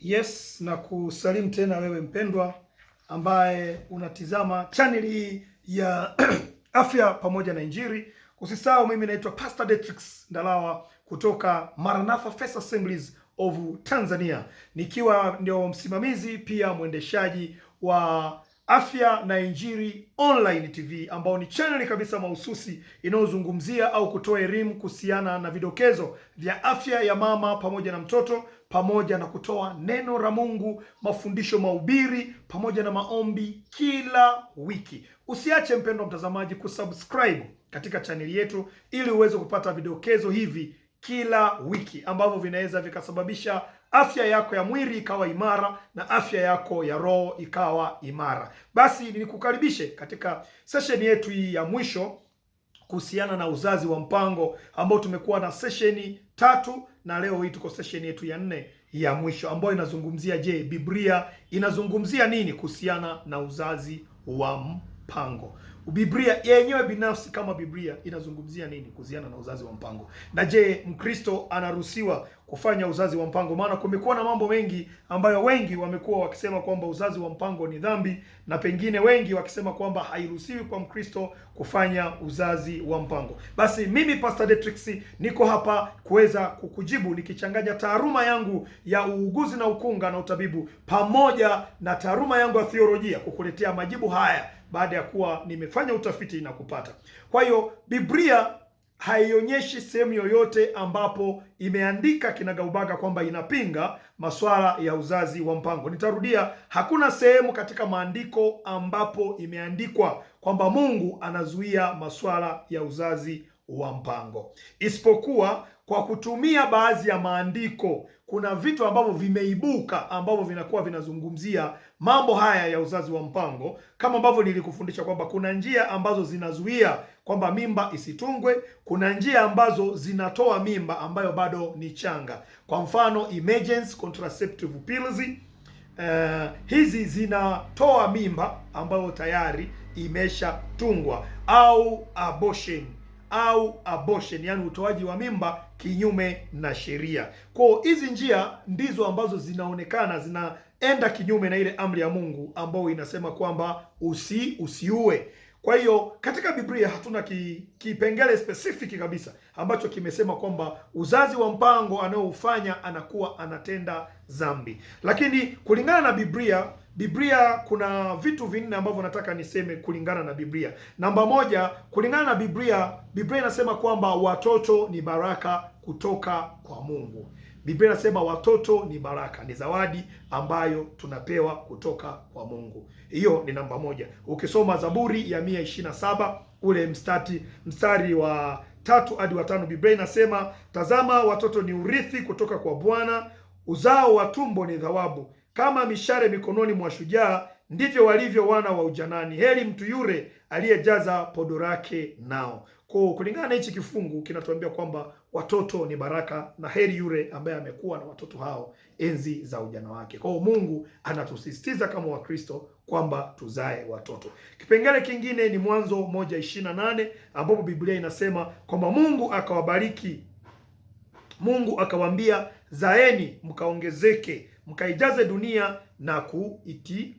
Yes, na kusalimu tena wewe mpendwa ambaye unatizama channel hii ya afya pamoja na Injili. Usisahau, mimi naitwa Pastor Detrix Ndalawa kutoka Maranatha Faith Assemblies of Tanzania, nikiwa ndio msimamizi pia mwendeshaji wa Afya na Injili Online TV ambao ni chaneli kabisa mahususi inayozungumzia au kutoa elimu kuhusiana na vidokezo vya afya ya mama pamoja na mtoto pamoja na kutoa neno la Mungu, mafundisho, mahubiri pamoja na maombi kila wiki. Usiache mpendwa mtazamaji kusubscribe katika chaneli yetu ili uweze kupata vidokezo hivi kila wiki ambavyo vinaweza vikasababisha afya yako ya mwili ikawa imara na afya yako ya roho ikawa imara. Basi nikukaribishe katika sesheni yetu hii ya mwisho kuhusiana na uzazi wa mpango ambao tumekuwa na sesheni tatu na leo hii tuko sesheni yetu ya nne ya mwisho ambayo inazungumzia, je, Biblia inazungumzia nini kuhusiana na uzazi wa mpango? Biblia yenyewe binafsi kama Biblia inazungumzia nini kuhusiana na uzazi wa mpango? Na je, Mkristo anaruhusiwa kufanya uzazi wa mpango? Maana kumekuwa na mambo mengi ambayo wengi wamekuwa wakisema kwamba uzazi wa mpango ni dhambi, na pengine wengi wakisema kwamba hairuhusiwi kwa Mkristo kufanya uzazi wa mpango. Basi mimi Pastor Detrix niko hapa kuweza kukujibu nikichanganya taaruma yangu ya uuguzi na ukunga na utabibu pamoja na taaruma yangu ya theolojia kukuletea majibu haya baada ya kuwa nimefanya utafiti na kupata. Kwa hiyo Biblia haionyeshi sehemu yoyote ambapo imeandika kinagaubaga kwamba inapinga masuala ya uzazi wa mpango. Nitarudia, hakuna sehemu katika maandiko ambapo imeandikwa kwamba Mungu anazuia masuala ya uzazi wa mpango isipokuwa kwa kutumia baadhi ya maandiko, kuna vitu ambavyo vimeibuka ambavyo vinakuwa vinazungumzia mambo haya ya uzazi wa mpango, kama ambavyo nilikufundisha kwamba kuna njia ambazo zinazuia kwamba mimba isitungwe, kuna njia ambazo zinatoa mimba ambayo bado ni changa, kwa mfano emergency contraceptive pills. Uh, hizi zinatoa mimba ambayo tayari imeshatungwa au abortion au abortion, yani utoaji wa mimba kinyume na sheria. Kwa hizi njia ndizo ambazo zinaonekana zinaenda kinyume na ile amri ya Mungu ambayo inasema kwamba usi usiue. Kwa hiyo katika Biblia hatuna kipengele ki specific kabisa ambacho kimesema kwamba uzazi wa mpango anaoufanya anakuwa anatenda dhambi, lakini kulingana na Biblia Biblia kuna vitu vinne ambavyo nataka niseme kulingana na Biblia. Namba moja, kulingana na Biblia, Biblia inasema kwamba watoto ni baraka kutoka kwa Mungu. Biblia inasema watoto ni baraka, ni zawadi ambayo tunapewa kutoka kwa Mungu. Hiyo ni namba moja. Ukisoma Zaburi ya mia ishirini na saba ule mstari mstari wa tatu hadi watano, Biblia inasema tazama, watoto ni urithi kutoka kwa Bwana, uzao wa tumbo ni thawabu kama mishale mikononi mwa shujaa, ndivyo walivyo wana wa ujanani. Heri mtu yule aliyejaza podo lake nao. Kwa kulingana na hichi kifungu kinatuambia kwamba watoto ni baraka na heri yule ambaye amekuwa na watoto hao enzi za ujana wake. Kwa Mungu anatusisitiza kama Wakristo kwamba tuzae watoto. Kipengele kingine ni Mwanzo moja ishirini na nane ambapo Biblia inasema kwamba Mungu akawabariki, Mungu akawaambia, zaeni mkaongezeke mkaijaze dunia na kuiti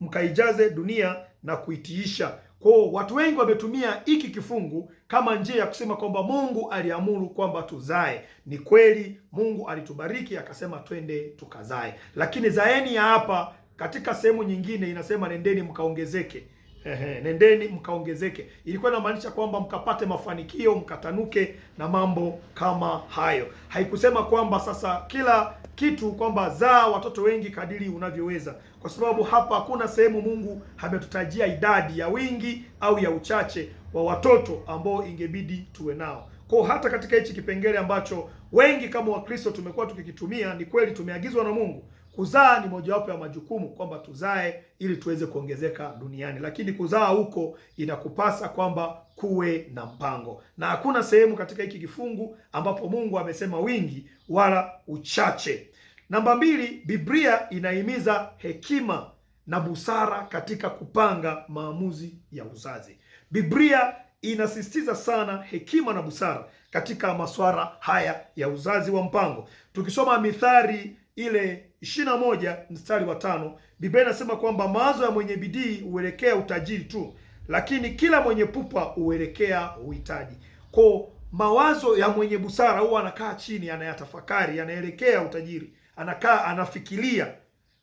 mkaijaze dunia na kuitiisha. Kwa watu wengi wametumia hiki kifungu kama njia ya kusema kwamba Mungu aliamuru kwamba tuzae. Ni kweli Mungu alitubariki akasema twende tukazae, lakini zaeni ya hapa katika sehemu nyingine inasema nendeni mkaongezeke. Ehe, nendeni mkaongezeke, ilikuwa inamaanisha kwamba mkapate mafanikio, mkatanuke na mambo kama hayo. Haikusema kwamba sasa kila kitu kwamba zaa watoto wengi kadiri unavyoweza, kwa sababu hapa hakuna sehemu Mungu ametutajia idadi ya wingi au ya uchache wa watoto ambao ingebidi tuwe nao. Kwa hata katika hichi kipengele ambacho wengi kama Wakristo tumekuwa tukikitumia, ni kweli tumeagizwa na Mungu kuzaa ni mojawapo ya majukumu kwamba tuzae ili tuweze kuongezeka duniani, lakini kuzaa huko inakupasa kwamba kuwe na mpango, na hakuna sehemu katika hiki kifungu ambapo Mungu amesema wingi wala uchache Namba mbili, Biblia inahimiza hekima na busara katika kupanga maamuzi ya uzazi. Biblia inasisitiza sana hekima na busara katika masuala haya ya uzazi wa mpango. Tukisoma Mithali ile 21 mstari wa tano Biblia inasema kwamba mawazo ya mwenye bidii huelekea utajiri tu, lakini kila mwenye pupa huelekea uhitaji. Kwa mawazo ya mwenye busara huwa anakaa chini, anayatafakari, anaelekea utajiri anakaa anafikiria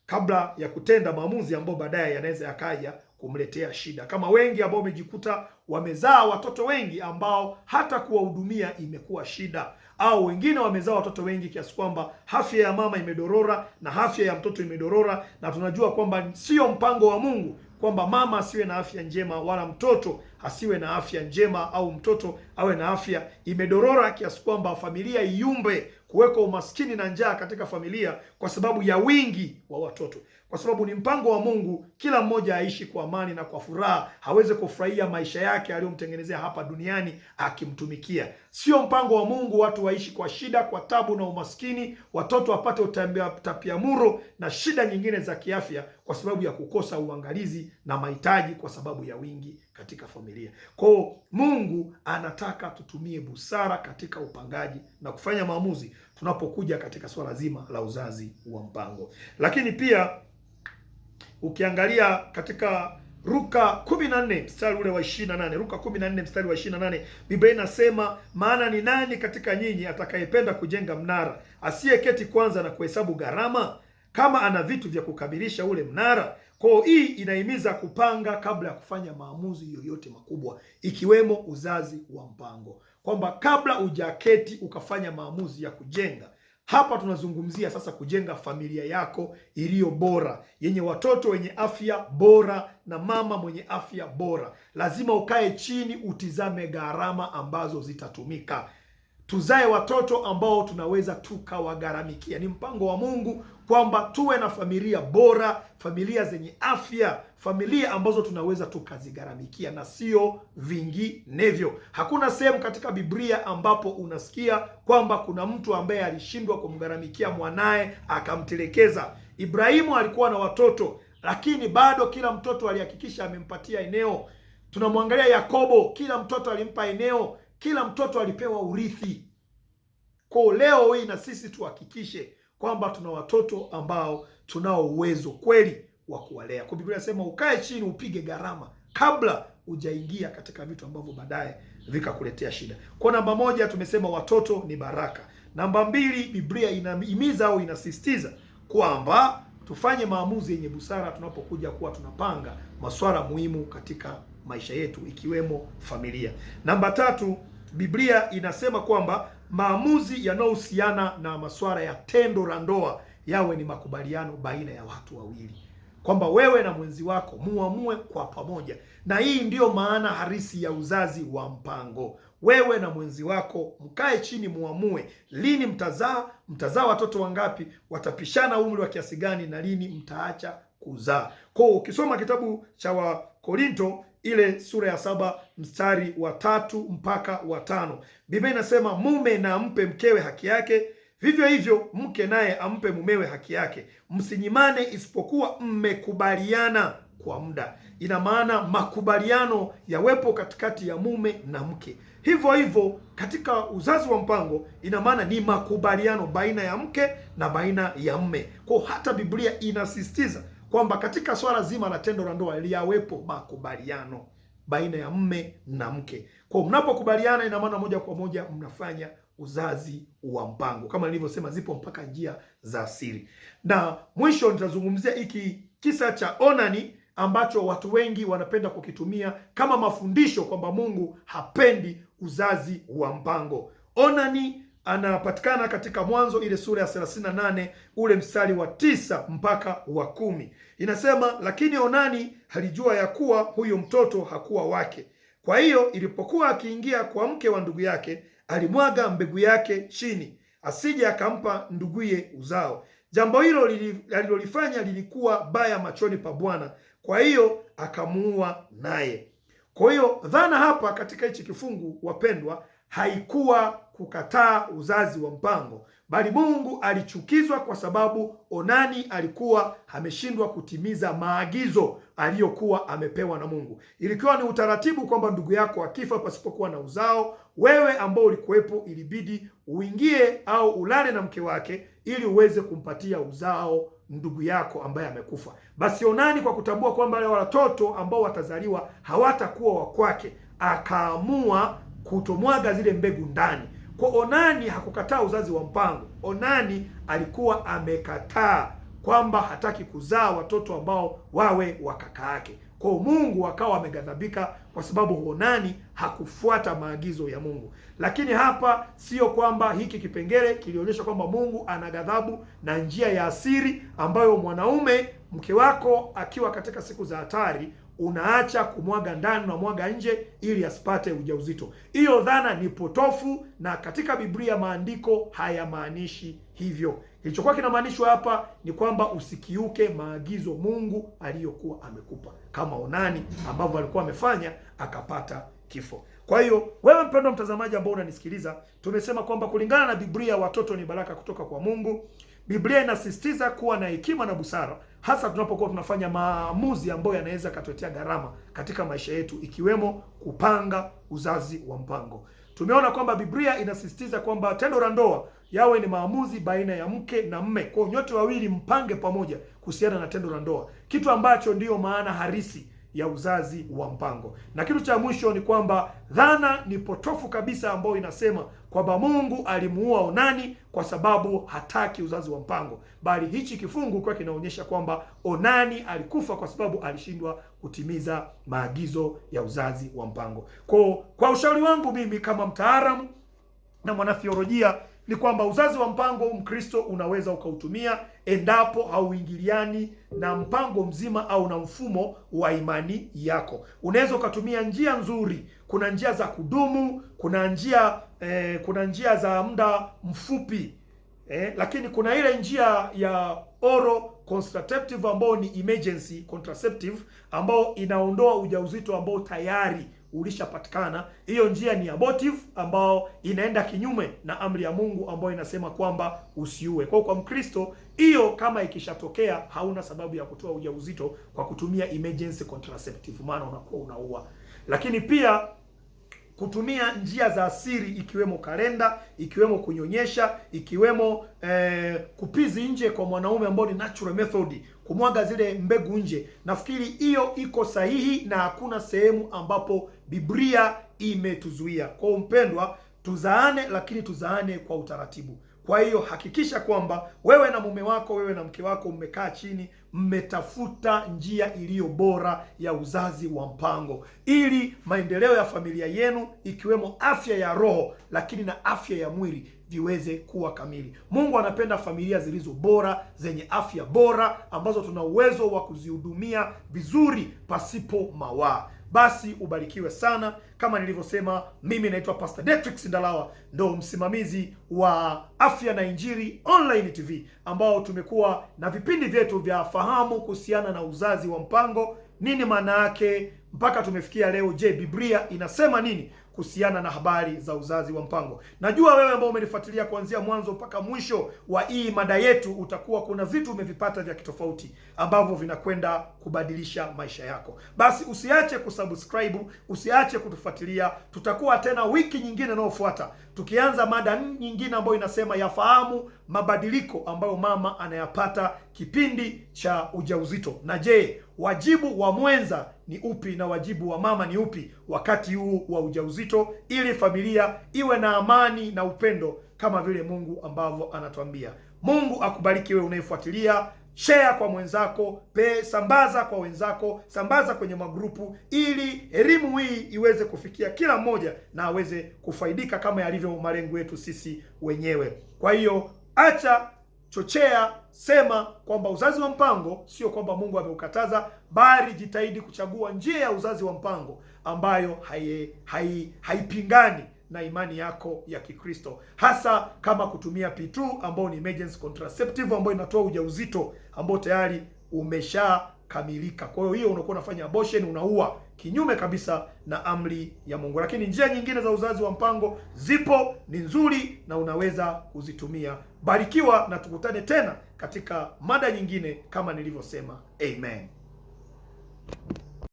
kabla ya kutenda maamuzi ambayo baadaye yanaweza yakaja kumletea shida, kama wengi ambao wamejikuta wamezaa watoto wengi ambao hata kuwahudumia imekuwa shida, au wengine wamezaa watoto wengi kiasi kwamba afya ya mama imedorora na afya ya mtoto imedorora, na tunajua kwamba sio mpango wa Mungu kwamba mama asiwe na afya njema wala mtoto asiwe na afya njema au mtoto awe na afya imedorora kiasi kwamba familia iumbe, kuwekwa umaskini na njaa katika familia kwa sababu ya wingi wa watoto kwa sababu ni mpango wa Mungu kila mmoja aishi kwa amani na kwa furaha, aweze kufurahia maisha yake aliyomtengenezea hapa duniani akimtumikia. Sio mpango wa Mungu watu waishi kwa shida, kwa tabu na umaskini, watoto wapate utapiamlo na shida nyingine za kiafya, kwa sababu ya kukosa uangalizi na mahitaji, kwa sababu ya wingi katika familia. Kwa hiyo Mungu anataka tutumie busara katika upangaji na kufanya maamuzi tunapokuja katika swala zima la uzazi wa mpango. Lakini pia ukiangalia katika Luka 14 mstari ule wa 28, Luka 14 mstari wa 28, Biblia inasema maana ni nani katika nyinyi atakayependa kujenga mnara asiyeketi kwanza na kuhesabu gharama kama ana vitu vya kukamilisha ule mnara. Kwa hii inahimiza kupanga kabla ya kufanya maamuzi yoyote makubwa, ikiwemo uzazi wa mpango kwamba kabla ujaketi ukafanya maamuzi ya kujenga hapa tunazungumzia sasa kujenga familia yako iliyo bora, yenye watoto wenye afya bora na mama mwenye afya bora. Lazima ukae chini, utizame gharama ambazo zitatumika tuzae watoto ambao tunaweza tukawagharamikia. Ni mpango wa Mungu kwamba tuwe na familia bora, familia zenye afya, familia ambazo tunaweza tukazigharamikia na sio vinginevyo. Hakuna sehemu katika Biblia ambapo unasikia kwamba kuna mtu ambaye alishindwa kumgharamikia mwanaye akamtelekeza. Ibrahimu alikuwa na watoto, lakini bado kila mtoto alihakikisha amempatia eneo. Tunamwangalia Yakobo, kila mtoto alimpa eneo kila mtoto alipewa urithi. Kwa leo hii na sisi tuhakikishe kwamba tuna watoto ambao tunao uwezo kweli wa kuwalea. Kwa Biblia inasema ukae chini upige gharama kabla hujaingia katika vitu ambavyo baadaye vikakuletea shida. Kwa namba moja tumesema watoto ni baraka. Namba mbili, Biblia inahimiza au inasisitiza kwamba tufanye maamuzi yenye busara tunapokuja kuwa tunapanga masuala muhimu katika maisha yetu ikiwemo familia. Namba tatu, Biblia inasema kwamba maamuzi yanayohusiana na masuala ya tendo la ndoa yawe ni makubaliano baina ya watu wawili, kwamba wewe na mwenzi wako muamue kwa pamoja, na hii ndiyo maana harisi ya uzazi wa mpango. Wewe na mwenzi wako mkae chini, muamue lini mtazaa, mtazaa watoto wangapi, watapishana umri wa kiasi gani, na lini mtaacha kuzaa. Kwa ukisoma kitabu cha Wakorinto ile sura ya saba mstari wa tatu mpaka wa tano Biblia inasema mume na ampe mkewe haki yake, vivyo hivyo mke naye ampe mumewe haki yake, msinyimane, isipokuwa mmekubaliana kwa muda. Ina maana makubaliano yawepo katikati ya mume na mke. Hivyo hivyo katika uzazi wa mpango, ina maana ni makubaliano baina ya mke na baina ya mme. Kwa hata Biblia inasisitiza kwamba katika swala zima la tendo la ndoa liyawepo makubaliano baina ya mme na mke. Kwa mnapokubaliana, ina maana moja kwa moja mnafanya uzazi wa mpango. Kama nilivyosema, zipo mpaka njia za asili. na mwisho nitazungumzia hiki kisa cha onani ambacho watu wengi wanapenda kukitumia kama mafundisho kwamba Mungu hapendi uzazi wa mpango. Onani anapatikana katika Mwanzo ile sura ya 38 ule mstari wa tisa mpaka wa kumi. Inasema, lakini Onani alijua ya kuwa huyo mtoto hakuwa wake, kwa hiyo ilipokuwa akiingia kwa mke wa ndugu yake alimwaga mbegu yake chini, asije akampa nduguye uzao. Jambo hilo alilolifanya lilikuwa baya machoni pa Bwana, kwa hiyo akamuua naye. Kwa hiyo dhana hapa katika hichi kifungu, wapendwa haikuwa kukataa uzazi wa mpango, bali Mungu alichukizwa kwa sababu Onani alikuwa ameshindwa kutimiza maagizo aliyokuwa amepewa na Mungu. Ilikuwa ni utaratibu kwamba ndugu yako akifa pasipokuwa na uzao, wewe ambao ulikuwepo, ilibidi uingie au ulale na mke wake ili uweze kumpatia uzao ndugu yako ambaye amekufa. Basi Onani kwa kutambua kwamba wale watoto ambao watazaliwa hawatakuwa wa kwake, akaamua kutomwaga zile mbegu ndani. Kwa Onani hakukataa uzazi wa mpango. Onani alikuwa amekataa kwamba hataki kuzaa watoto ambao wawe wa kaka yake. Kwa Mungu akawa ameghadhabika kwa sababu Onani hakufuata maagizo ya Mungu. Lakini hapa sio kwamba hiki kipengele kilionyesha kwamba Mungu ana ghadhabu na njia ya asiri ambayo mwanaume mke wako akiwa katika siku za hatari unaacha kumwaga ndani na mwaga nje ili asipate ujauzito. Hiyo dhana ni potofu, na katika Biblia maandiko hayamaanishi hivyo. Kilichokuwa kinamaanishwa hapa ni kwamba usikiuke maagizo Mungu aliyokuwa amekupa, kama Onani ambavyo alikuwa amefanya akapata kifo. Kwa hiyo wewe mpendwa mtazamaji ambao unanisikiliza, tumesema kwamba kulingana na Biblia watoto ni baraka kutoka kwa Mungu. Biblia inasisitiza kuwa na hekima na busara hasa tunapokuwa tunafanya maamuzi ambayo yanaweza katuletea gharama katika maisha yetu, ikiwemo kupanga uzazi wa mpango. Tumeona kwamba Biblia inasisitiza kwamba tendo la ndoa yawe ni maamuzi baina ya mke na mme, kwa nyote wawili mpange pamoja kuhusiana na tendo la ndoa, kitu ambacho ndiyo maana harisi ya uzazi wa mpango. Na kitu cha mwisho ni kwamba dhana ni potofu kabisa ambayo inasema kwamba Mungu alimuua Onani kwa sababu hataki uzazi wa mpango, bali hichi kifungu kwa kinaonyesha kwamba Onani alikufa kwa sababu alishindwa kutimiza maagizo ya uzazi wa mpango. Kwa kwa ushauri wangu mimi kama mtaalamu na mwanathiolojia ni kwamba uzazi wa mpango Mkristo unaweza ukautumia endapo hauingiliani na mpango mzima au na mfumo wa imani yako. Unaweza ukatumia njia nzuri. Kuna njia za kudumu, kuna njia eh, kuna njia za muda mfupi eh, lakini kuna ile njia ya oral contraceptive ambayo ni emergency contraceptive ambayo inaondoa ujauzito ambao tayari ulishapatikana. Hiyo njia ni abortive, ambao inaenda kinyume na amri ya Mungu ambayo inasema kwamba usiue. Kwa kwa Mkristo hiyo kama ikishatokea, hauna sababu ya kutoa ujauzito kwa kutumia emergency contraceptive, maana unakuwa unaua. Lakini pia kutumia njia za asili ikiwemo kalenda, ikiwemo kunyonyesha, ikiwemo eh, kupizi nje kwa mwanaume ambao ni natural method, kumwaga zile mbegu nje. Nafikiri hiyo iko sahihi na hakuna sehemu ambapo Biblia imetuzuia. Kwa mpendwa, tuzaane, lakini tuzaane kwa utaratibu. Kwa hiyo hakikisha kwamba wewe na mume wako, wewe na mke wako mmekaa chini, mmetafuta njia iliyo bora ya uzazi wa mpango, ili maendeleo ya familia yenu ikiwemo afya ya roho, lakini na afya ya mwili viweze kuwa kamili. Mungu anapenda familia zilizo bora, zenye afya bora, ambazo tuna uwezo wa kuzihudumia vizuri pasipo mawaa basi ubarikiwe sana. Kama nilivyosema, mimi naitwa Pastor Detrix Ndalawa, ndo msimamizi wa Afya na Injili Online TV ambao tumekuwa na vipindi vyetu vya fahamu kuhusiana na uzazi wa mpango, nini maana yake, mpaka tumefikia leo. Je, Biblia inasema nini? kuhusiana na habari za uzazi wa mpango. Najua wewe ambao umenifuatilia kuanzia mwanzo mpaka mwisho wa hii mada yetu, utakuwa kuna vitu umevipata vya kitofauti ambavyo vinakwenda kubadilisha maisha yako. Basi usiache kusubscribe, usiache kutufuatilia. Tutakuwa tena wiki nyingine inayofuata tukianza mada nyingine ambayo inasema yafahamu mabadiliko ambayo mama anayapata kipindi cha ujauzito. Na je, wajibu wa mwenza ni upi na wajibu wa mama ni upi wakati huu wa ujauzito, ili familia iwe na amani na upendo kama vile Mungu ambavyo anatuambia. Mungu akubariki wewe unayefuatilia. Share kwa mwenzako pe, sambaza kwa wenzako, sambaza kwenye magrupu, ili elimu hii iweze kufikia kila mmoja na aweze kufaidika kama yalivyo malengo yetu sisi wenyewe. Kwa hiyo acha chochea, sema kwamba uzazi wa mpango sio kwamba Mungu ameukataza, bali jitahidi kuchagua njia ya uzazi wa mpango ambayo hai, hai, haipingani na imani yako ya Kikristo, hasa kama kutumia P2 ambao ni emergency contraceptive ambayo inatoa ujauzito ambao tayari umeshakamilika. Kwa hiyo hiyo unakuwa unafanya abortion, unaua kinyume kabisa na amri ya Mungu. Lakini njia nyingine za uzazi wa mpango zipo, ni nzuri na unaweza kuzitumia. Barikiwa na tukutane tena katika mada nyingine, kama nilivyosema. Amen.